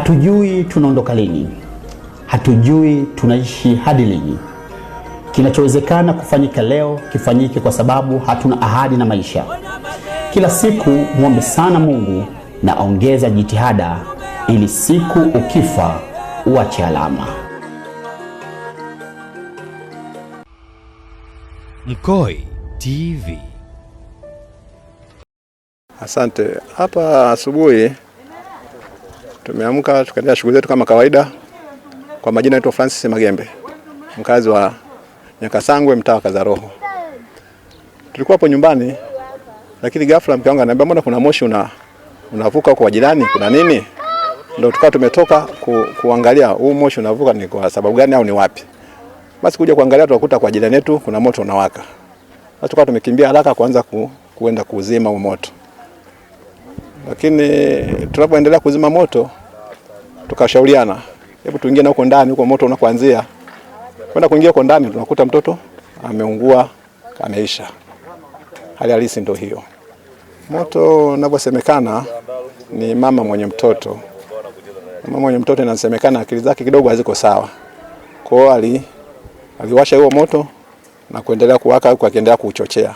Hatujui tunaondoka lini, hatujui tunaishi hadi lini. Kinachowezekana kufanyika leo kifanyike, kwa sababu hatuna ahadi na maisha. Kila siku mwombe sana Mungu na ongeza jitihada, ili siku ukifa uache alama. Mkoi TV. Asante. Hapa asubuhi Tumeamka tukaendelea shughuli zetu kama kawaida. Kwa majina yetu Francis Magembe, mkazi wa Nyakasangwe, mtaa wa Kazaroho. Tulikuwa hapo nyumbani, lakini ghafla mke wangu ananiambia mbona kuna moshi una unavuka kwa jirani, kuna nini? Ndio tukawa tumetoka ku, kuangalia huu moshi unavuka ni kwa sababu gani au ni wapi. Basi kuja kuangalia tukakuta kwa jirani yetu kuna moto unawaka. Basi tukawa tumekimbia haraka kuanza ku, kuenda kuuzima huo moto, lakini tunapoendelea kuzima moto tukashauriana, hebu tuingie na huko ndani, huko moto unakoanzia. Kwenda kuingia huko ndani, tunakuta mtoto ameungua, ameisha. Hali halisi ndio hiyo. Moto unavyosemekana ni mama mwenye mtoto, mama mwenye mtoto inasemekana akili zake kidogo haziko sawa, kwa hiyo ali aliwasha huo moto na kuendelea kuwaka huko akiendelea kuuchochea.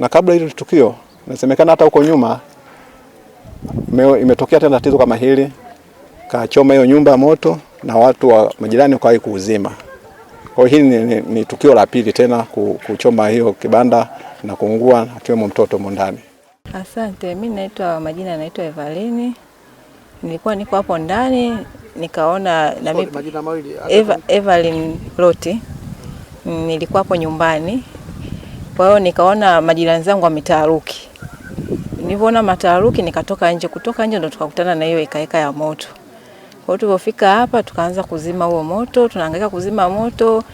Na kabla hilo tukio, inasemekana hata huko nyuma imetokea tena tatizo kama hili kachoma hiyo nyumba moto na watu wa majirani wakawahi kuuzima. Kwa hiyo hili ni, ni, ni tukio la pili tena kuchoma hiyo kibanda na kuungua akiwemo mtoto mondani. Asante, mimi naitwa majina, naitwa Evalini. Nilikuwa niko hapo ndani nikaona na mimi majina mawili Eva, Evalini Loti. Nilikuwa hapo nyumbani, kwa hiyo nikaona majirani zangu wametaharuki. Nilivyoona mataharuki nikatoka nje, kutoka nje ndo tukakutana na hiyo ikaeka ya moto. Kwa hiyo tulipofika hapa tukaanza kuzima huo moto, tunahangaika kuzima moto.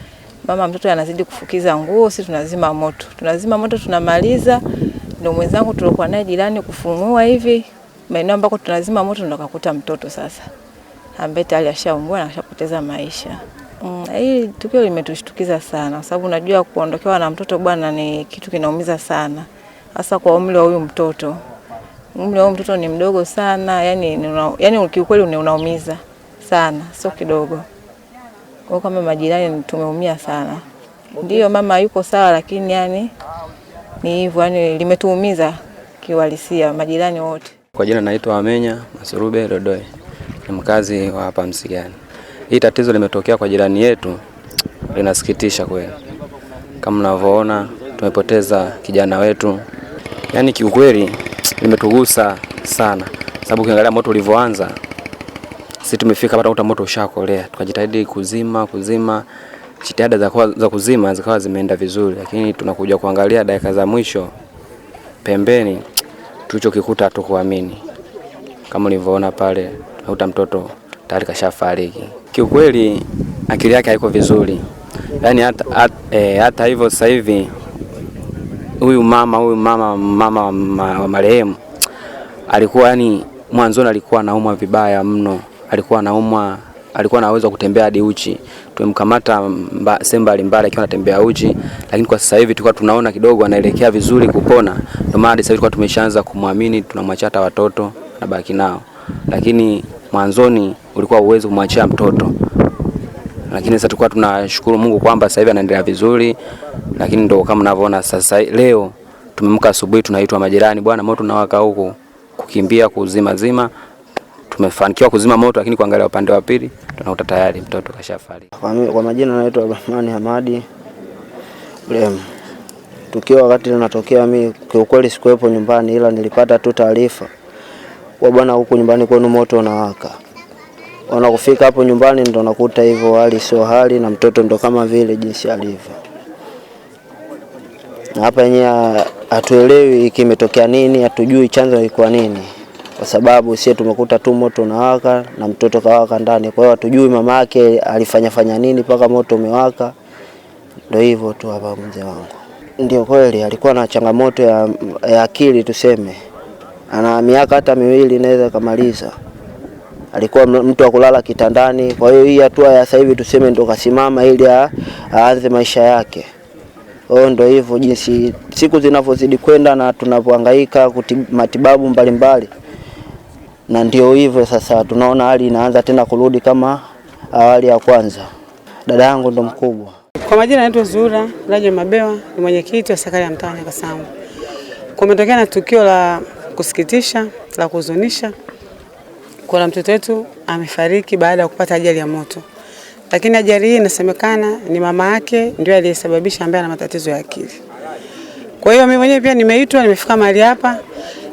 Mama mtoto anazidi kufukiza nguo, sisi tunazima moto. Tunazima moto tunamaliza, ndio mwenzangu tulikuwa naye jirani kufungua hivi maeneo ambako tunazima moto ndio mtoto sasa ambaye tayari ashaungua na ashapoteza maisha. Mm, hii tukio limetushtukiza sana kwa sababu unajua kuondokewa na mtoto bwana ni kitu kinaumiza sana hasa kwa umri wa huyu mtoto umri wa mtoto ni mdogo sana, yani, yani kiukweli unaumiza sana, sio kidogo. Kwa kama majirani tumeumia sana. Ndiyo mama yuko sawa, lakini yani ni hivyo, yani limetuumiza kiuhalisia majirani wote. Kwa jina naitwa Amenya Masurube Dodoe, ni mkazi wa hapa Msigani. Hii tatizo limetokea kwa jirani yetu, linasikitisha kweli. Kama mnavyoona tumepoteza kijana wetu, yaani kiukweli limetugusa sana, sababu ukiangalia moto ulivyoanza, sisi tumefika hapa tukakuta moto ushakolea, tukajitahidi kuzima kuzima jitihada za, za kuzima zikawa zimeenda vizuri, lakini tunakuja kuangalia dakika za mwisho pembeni, tulichokikuta tukuamini Kama ulivyoona pale, nakuta mtoto tayari kashafariki. Kiukweli akili yake haiko vizuri, yaani hata, hata eh, hivyo sasa hivi huyu mama huyu mama mama wa marehemu alikuwa yani, mwanzoni alikuwa anaumwa vibaya mno, alikuwa anaumwa, alikuwa anaweza kutembea hadi uchi. Tumemkamata sehemu mbalimbali akiwa anatembea uchi, lakini kwa sasa hivi tulikuwa tunaona kidogo anaelekea vizuri kupona. Ndio maana sasa tulikuwa tumeshaanza kumwamini, tunamwachia hata watoto baki nao, lakini mwanzoni ulikuwa uwezi kumwachia mtoto, lakini sasa tulikuwa tunashukuru Mungu kwamba sasa hivi anaendelea vizuri. Lakini ndo kama mnavyoona sasa, leo tumemka asubuhi, tunaitwa majirani, bwana, moto unawaka huku, kukimbia kuzima zima. Tumefanikiwa kuzima moto, lakini kuangalia upande wa pili tunakuta tayari mtoto kashafariki. Kwa kwa majina naitwa Abdurahmani Hamadi Blem. Tukio wakati linatokea, mi kiukweli sikuwepo nyumbani, ila nilipata tu taarifa kwa bwana, huku nyumbani kwenu moto unawaka. Wanakufika hapo nyumbani ndo nakuta hivyo, hali sio hali, na mtoto ndo kama vile jinsi alivyo na hapa yenyewe hatuelewi iki imetokea nini, hatujui chanzo ilikuwa nini, kwa sababu sisi tumekuta tu moto unawaka na mtoto kawaka ndani. Kwa hiyo hatujui mama yake alifanya fanya nini mpaka moto umewaka. Ndio hivyo tu hapa, mzee wangu. Ndio kweli alikuwa na changamoto ya, ya akili tuseme, ana miaka hata miwili inaweza kamaliza alikuwa mtu wa kulala kitandani. Kwa hiyo hii hatua ya sasa hivi tuseme ndo kasimama ili aanze maisha yake. O, ndo hivyo jinsi siku zinavyozidi kwenda na tunavyohangaika matibabu mbalimbali, na ndio hivyo sasa, tunaona hali inaanza tena kurudi kama awali ya kwanza. Dada yangu ndo mkubwa. Kwa majina yetu Zura Raja Mabewa, ni mwenyekiti wa serikali ya mtaa wa Nyakasangu. Kumetokea na tukio la kusikitisha la kuhuzunisha, kuna mtoto wetu amefariki baada ya kupata ajali ya moto. Lakini ajali hii inasemekana ni mama yake ndio aliyesababisha, ambaye ana matatizo ya akili. Kwa hiyo mimi mwenyewe pia nimeitwa, nimefika mahali hapa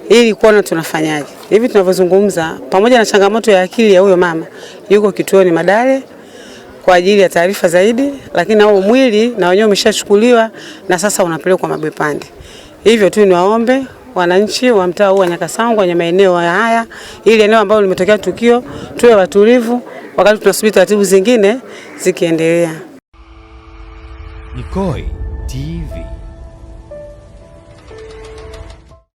ili kuona tunafanyaje. Hivi tunavyozungumza, pamoja na changamoto ya akili ya huyo mama, yuko kituoni Madale kwa ajili ya taarifa zaidi, lakini nao mwili na wenyewe umeshachukuliwa na sasa unapelekwa Mabwepande. Hivyo tu niwaombe wananchi wa mtaa huu wa Nyakasangwa kwenye maeneo haya, ili eneo ambalo limetokea tukio, tuwe watulivu wakati tunasubiri taratibu zingine zikiendelea. Nikoi TV.